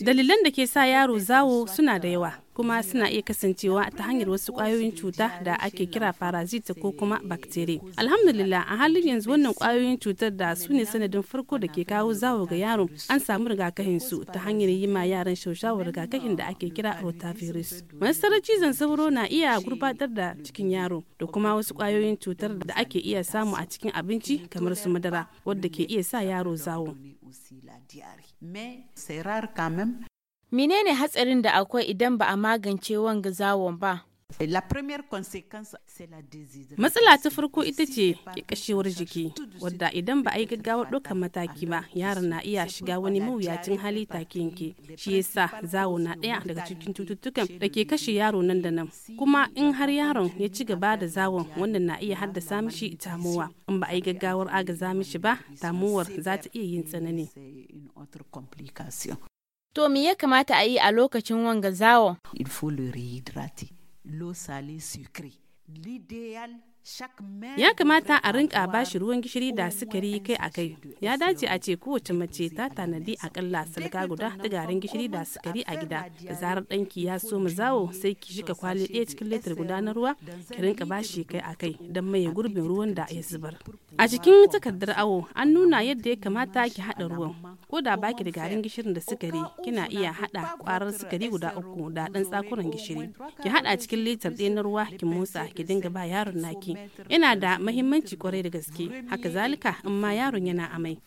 Dalilan da ke sa yaro zawo suna da yawa. kuma suna iya kasancewa ta hanyar wasu kwayoyin cuta da ake kira parasita ko kuma bacteria alhamdulillah a halin yanzu wannan kwayoyin cutar da su ne sanadin farko da ke kawo zawo ga yaro an samu rigakafin su ta hanyar yi ma yaran shaushawar rigakafin da ake kira rotavirus masarar cizon sauro na iya gurbatar da cikin yaro da kuma wasu kwayoyin cutar da ake iya samu a cikin abinci kamar su madara wadda ke iya sa yaro zawo Menene hatsarin da akwai idan ba a magance wanga zawon ba? Matsala ta farko ita ce ƙashewar jiki, wadda idan ba a yi gaggawar ɗaukar mataki ba, yaron na iya shiga wani mawuyacin hali take yanke. Shi yasa zawo na ɗaya daga cikin cututtukan da ke kashe yaro nan da nan. Kuma in har yaron ya ci gaba da zawon, wannan na iya haddasa mishi tamowa. In ba a yi gaggawar agaza mishi ba, tamuwar za ta iya yin tsanani. To me ya kamata a yi a lokacin wanga zawo? Il faut le réhydrater. L'eau salée sucrée. L'idéal Ya kamata a rinka ba shi ruwan gishiri da sukari kai a kai. Ya dace a ce kowace mace ta tanadi akalla salga guda ta garin gishiri da sukari a gida. Da zarar ɗanki ya so mu zawo sai ki shika kwali ɗaya cikin litir guda na ruwa ki rinka ba shi kai a kai don maye gurbin ruwan da ya zubar. A cikin takardar awo an nuna yadda ya kamata ki haɗa ruwan. Ko da baki da garin gishirin da sukari kina iya haɗa kwarar sukari guda uku da ɗan tsakuran gishiri. Ki haɗa cikin litir ɗaya na ruwa ki motsa ki dinga ba yaron naki. yana da mahimmanci kwarai da gaske haka zalika in ma yaron yana amai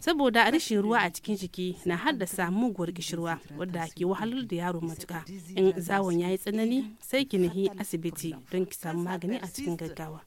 saboda rashin ruwa a cikin jiki na haddasa muguwar kishirwa wadda ke wahalar da yaro matuka in zawon ya yi tsanani sai ki nahi asibiti don ki samu magani a cikin gaggawa